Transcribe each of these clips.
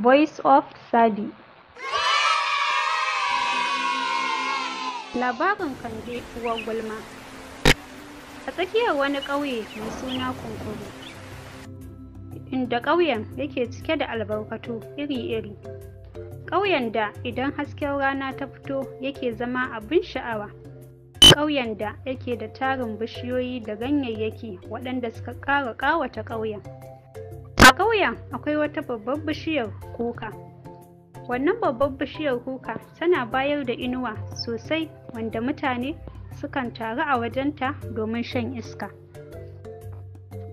Voice of sadi Labarin Kande uwar gulma. A tsakiyar wani ƙauye mai suna Kunkuru, inda ƙauyen yake cike da albarkatu iri-iri. Ƙauyen da idan hasken rana ta fito yake zama abin sha'awa. Ƙauyen da yake da tarin bishiyoyi da ganyayyaki waɗanda suka ƙara ƙawata ƙauyen. a ƙauyen akwai wata babbar bishiyar kuka wannan babbar bishiyar kuka tana bayar da inuwa sosai wanda mutane sukan taru a wajenta domin shan iska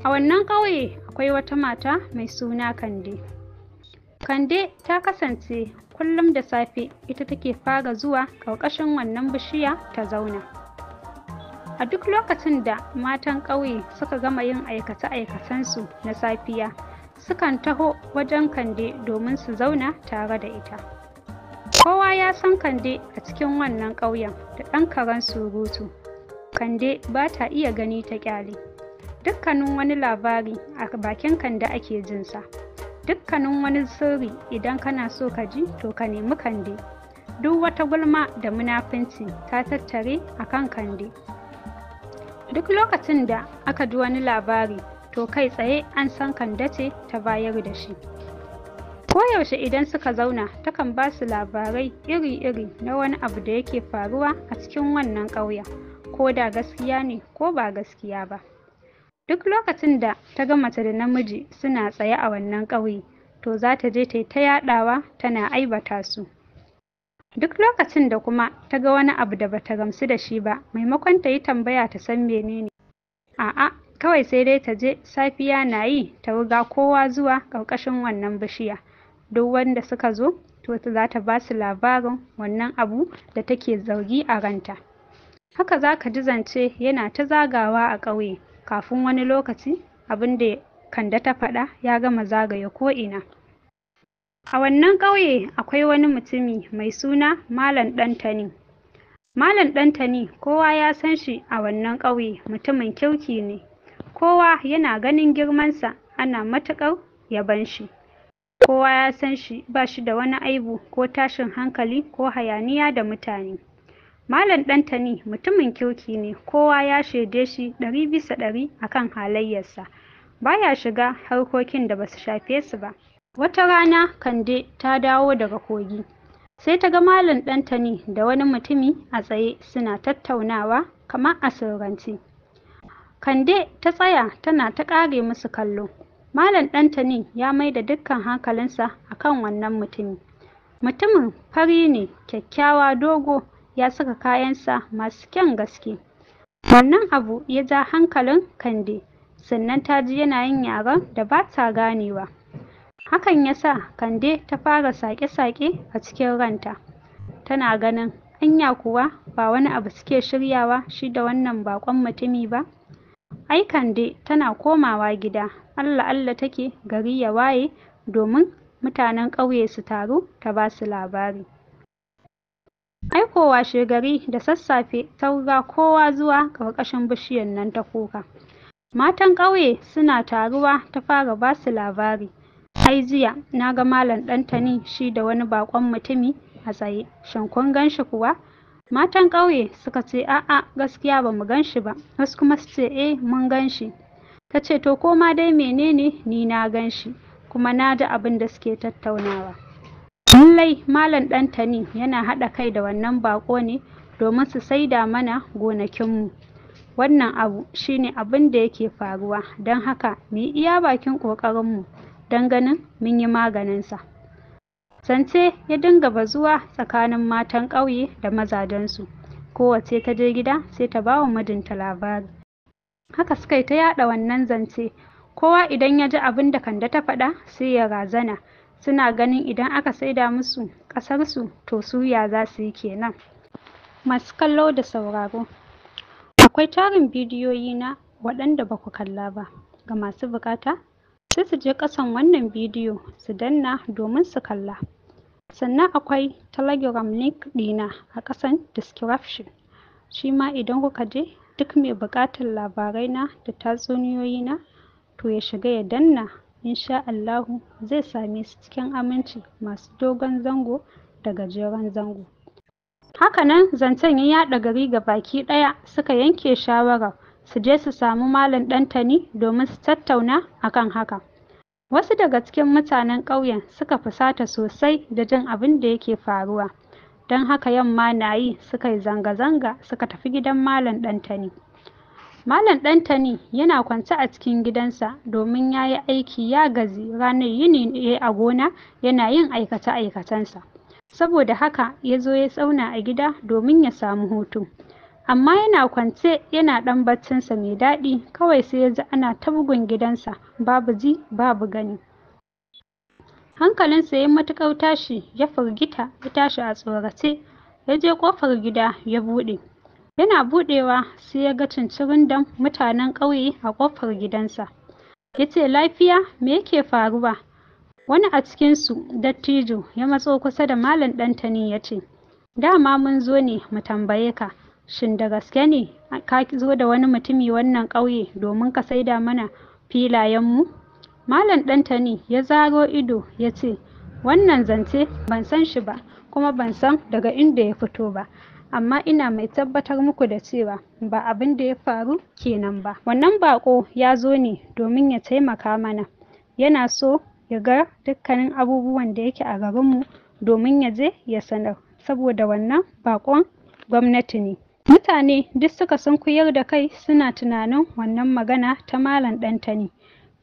a wannan ƙauye akwai wata mata mai suna kande kande ta kasance kullum da safe ita take fara zuwa ƙarƙashin wannan bishiya ta zauna a duk lokacin da matan ƙauye suka gama yin aikace-aikacensu na safiya sukan taho wajen kande domin su zauna tare da ita kowa ya san kande a cikin wannan ƙauyen da ɗan karen surutu kande ba ta iya gani ta ƙyale dukkanin wani labari a bakin kande ake jinsa dukkanin wani sirri idan kana so ka ji to ka nemi kande duk wata gulma da munafunci ta tattare a kan kande duk lokacin da aka ji wani labari to kai tsaye an san Kande ce ta bayar da shi. Koyaushe idan suka zauna takan ba su labarai iri-iri na wani abu da yake faruwa a cikin wannan ƙauyen, ko da gaskiya ne ko ba gaskiya ba. Duk lokacin da ta ga mace da namiji suna tsaye a wannan ƙauye, to za ta je ta yi ta yaɗawa tana aibata su. Duk lokacin da kuma ta ga wani abu da bata gamsu da shi ba, maimakon ta yi tambaya ta san menene. A'a, kawai sai dai ta je safiya na yi ta riga kowa zuwa ƙarƙashin wannan bishiya duk wanda suka zo to za ta ba su labarin wannan abu da take zargi a ranta haka za ka ji zance yana ta zagawa a ƙauye kafin wani lokaci abin da kande ta faɗa ya gama zagaya ko'ina a wannan ƙauye akwai wani mutumi mai suna malam ɗantani Malam Ɗantani kowa ya san shi a wannan ƙauye mutumin kirki ne kowa yana ganin girmansa ana matuƙar yabon shi kowa ya san shi ba shi da wani aibu ko tashin hankali ko hayaniya da mutane malam ɗantani mutumin kirki ne kowa ya shaide shi ɗari bisa ɗari a akan halayyarsa baya shiga harkokin da basu shafe su ba wata rana kande ta dawo daga kogi sai ta ga malam ɗantani da wani mutumi a tsaye suna tattaunawa kamar a sirrance Kande ta tsaya tana ta ƙare musu kallo. Malam Ɗantani ya mai da dukkan hankalinsa a kan wannan mutumi. Mutumin fari ne, kyakkyawa dogo, ya saka kayansa masu kyan gaske. Wannan abu ya ja hankalin Kande, sannan ta ji yana yin yaren da ba ta ganewa. Hakan ya sa Kande ta fara saƙe-saƙe a cikin ranta. Tana ganin, anya kuwa ba wani abu suke shiryawa shi da wannan baƙon mutumi ba? Ai Kande tana komawa gida, Allah-Allah take gari ya waye domin mutanen ƙauye su taru ta ba su labari. Ai ko da sassafe ta kowa zuwa ƙarƙashin bishiyar nan ta kuka. Matan ƙauye suna taruwa ta fara ba su labari. Ai jiya na ga Malam Ɗantani shi da wani baƙon mutumi a tsaye, shin kun gan shi kuwa? matan ƙauye suka ce a'a gaskiya ba mu gan shi ba wasu kuma su ce eh mun gan shi ta ce to koma dai menene ni na gan shi kuma na ji abin da suke tattaunawa lallai malam ɗan tani yana haɗa kai da wannan baƙo ne domin su saida mana gonakin mu. wannan abu shine abin da yake faruwa don haka mu yi iya bakin ƙoƙarinmu don ganin mun yi maganinsa Zance ya dinga bazuwa tsakanin matan ƙauye da mazajensu, kowacce ta je gida sai ta ba wa mijinta labari. Haka suka yi ta yaɗa wannan zance, kowa idan ya ji abin da Kande ta faɗa sai ya razana, suna ganin idan aka saida musu ƙasarsu to suya za su yi kenan. Masu kallo da sauraro, akwai tarin bidiyoyi na waɗanda ba ku kalla ba, ga masu buƙata sai su je ƙasan wannan bidiyo su danna domin su kalla. sannan akwai telegram link ɗina a ƙasan description shi ma idan kuka je duk mai buƙatar labarai na da tatsuniyoyi na to ya shiga ya danna insha Allahu zai same su cikin aminci masu dogon zango da gajeren zango hakanan zancen ya yaɗa gari ga baki ɗaya suka yanke shawara su je su samu malam ɗantani domin su tattauna akan haka Wasu daga cikin mutanen ƙauyen suka fusata sosai da jin abin da yake faruwa, don haka yamma na yi suka yi zanga-zanga suka tafi gidan Malam Ɗantani. Malam Ɗantani yana kwance a cikin gidansa domin ya yi aiki ya gaji ranar yini ne a gona yana yin aikace-aikacensa. Saboda haka ya zo ya tsauna a gida domin ya samu hutu. amma yana kwance yana ɗan baccinsa mai daɗi kawai sai ya ana ta bugun gidansa babu ji babu gani hankalinsa ya matuƙar tashi ya firgita ya tashi a tsorace ya je ƙofar gida ya buɗe yana buɗewa sai ya ga cincirindan mutanen ƙauye a ƙofar gidansa ya ce lafiya me yake faruwa wani a cikinsu dattijo ya matso kusa da malam ɗan ɗantani ya ce dama mun zo ne mu tambaye ka Shin da gaske ne ka zo da wani mutumi wannan ƙauye domin ka saida mana filayenmu? Malam Ɗantani ya zaro ido ya ce, Wannan zance ban san shi ba, kuma ban san daga inda ya fito ba. amma ina mai tabbatar muku da cewa ba abin da ya faru kenan ba wannan bako ya zo ne domin ya taimaka mana yana so ya ga dukkanin abubuwan da yake a garinmu domin ya je ya sanar saboda wannan bakon gwamnati ne Mutane duk suka sunkuyar da kai suna tunanin wannan magana ta Malam Ɗantani.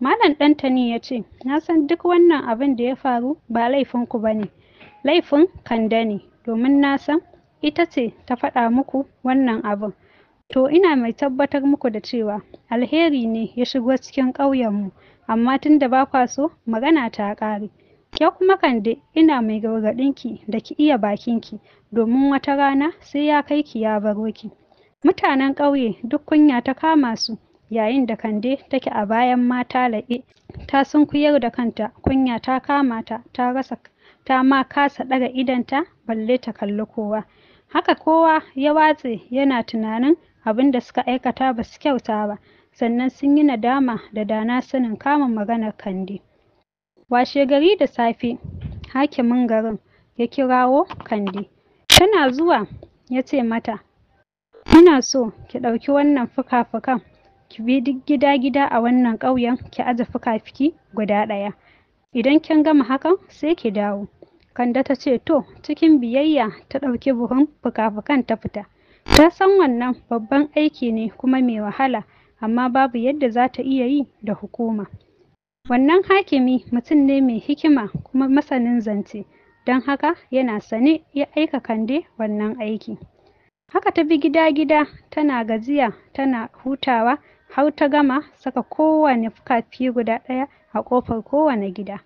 Malam Ɗantani ya ce, Na san duk wannan abin da ya faru ba laifinku ba ne, laifin Kande ne, domin na san ita ce ta faɗa muku wannan abin. To ina mai tabbatar muku da cewa alheri ne ya shigo cikin ƙauyenmu, amma tun da ba kwa so magana ta ƙare. Kyau kuma Kande, ina mai ki da ki iya bakin ki, domin wata rana sai ya kai ki ya baro ki. Mutanen ƙauye duk kunya ta kama su, yayin da Kande take a bayan mata laɓe, ta sunkuyar da kanta, kunya ta kama ta, ta rasa ta ma kasa ɗaga idonta balle ta kalli kowa. Haka kowa ya watse yana tunanin abin da suka aikata ba su kyauta ba, sannan sun yi nadama da dana sanin kama maganar Kande. Washe, gari da safe, hakimin garin ya kirawo Kande. Tana zuwa ya ce mata, Muna so ki ɗauki wannan fuka-fukan, ki bi duk gida-gida a wannan ƙauyen ki aje fuka-fiki guda ɗaya. Idan kin gama hakan sai ki dawo. Kande ta ce to cikin biyayya ta ɗauki buhun fuka-fukan ta fita. Ta san wannan babban aiki ne kuma mai wahala, amma babu yadda za ta iya yi da hukuma. Wannan hakimi mutum ne mai hikima kuma masanin zance, don haka yana sane ya aika Kande wannan aiki. Haka ta bi gida-gida tana gajiya tana hutawa har ta gama saka kowane fukafi guda ɗaya a ƙofar kowane gida.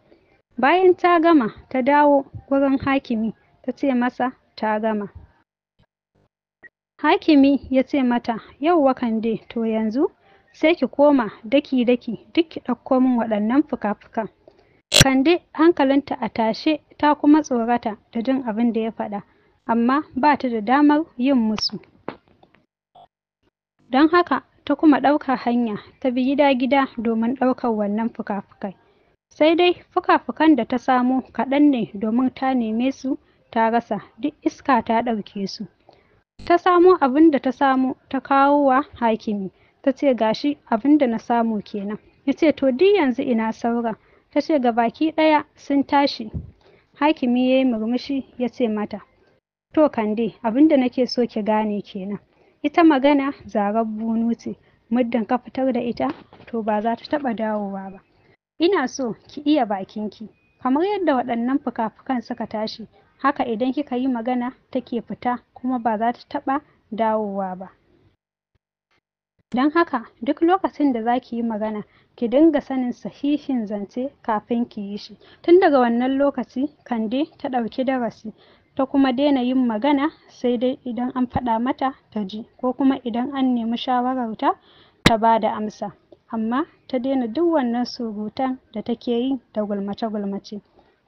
Bayan ta gama ta dawo wurin hakimi ta ce masa ta gama. Hakimi ya ce mata, yauwa Kande to yanzu sai ki koma daki-daki duk ki ɗauko min waɗannan fuka-fukan. Kande hankalinta a tashe ta kuma tsorata da jin abin da ya faɗa, amma ba ta da damar yin musu. Don haka ta kuma ɗaukar hanya ta bi gida-gida domin ɗaukar wannan fuka-fukai. Sai dai fuka-fukan da ta samu kaɗan ne domin ta neme su ta rasa duk iska ta ɗauke su. Ta samo abin da ta samu ta kawo wa hakimi. ta ce gashi abin da na samu kenan ya ce to duk yanzu ina saura. ta ce ga baki ɗaya sun tashi hakimi ya yi murmushi ya ce mata to kande abin da nake so ki gane kenan ita magana zarar bunu ce muddin ka fitar da ita to ba za ta taɓa dawowa ba ina so ki iya bakinki kamar yadda waɗannan fuka-fukan suka tashi haka idan kika yi magana take fita kuma ba za ta taɓa dawowa ba Don haka duk lokacin da za ki yi magana, ki dinga sanin sahihin zance kafin ki yi shi. Tun daga wannan lokaci, Kande ta ɗauki darasi, ta kuma daina yin magana sai dai idan an faɗa mata ta ji ko kuma idan an nemi shawararta ta ba da amsa. Amma ta daina duk wannan surutan da take yi da gulmace-gulmace.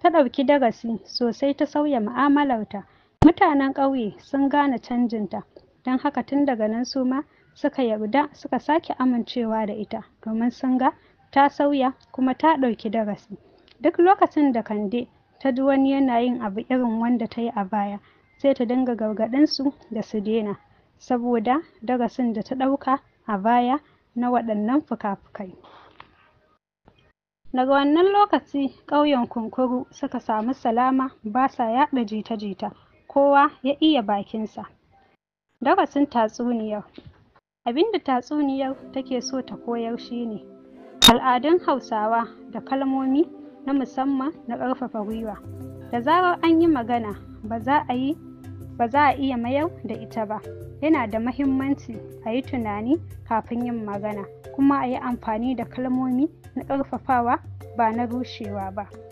Ta ɗauki darasi sosai ta sauya mu'amalarta. Mutanen ƙauye sun gane canjinta, don haka tun daga nan su ma suka yarda suka sake amincewa da ita domin sun ga ta sauya kuma ta ɗauki darasi duk lokacin da kande ta ji wani yana yin abu irin wanda ta yi a baya sai ta dinga gargaɗinsu da su daina saboda darasin da ta ɗauka a baya na waɗannan fuka-fukai daga wannan lokaci ƙauyen kunkuru suka samu salama ba sa yaɗa jita-jita kowa ya iya bakinsa darasin tatsuniyar Abin da tatsuniyar take so ta koyar shi ne. al'adun hausawa da kalmomi na musamman na ƙarfafa gwiwa da zarar an yi magana ba a ba za a iya mayar da ita ba yana da mahimmanci a yi tunani kafin yin magana kuma a yi amfani da kalmomi na ƙarfafawa ba na rushewa ba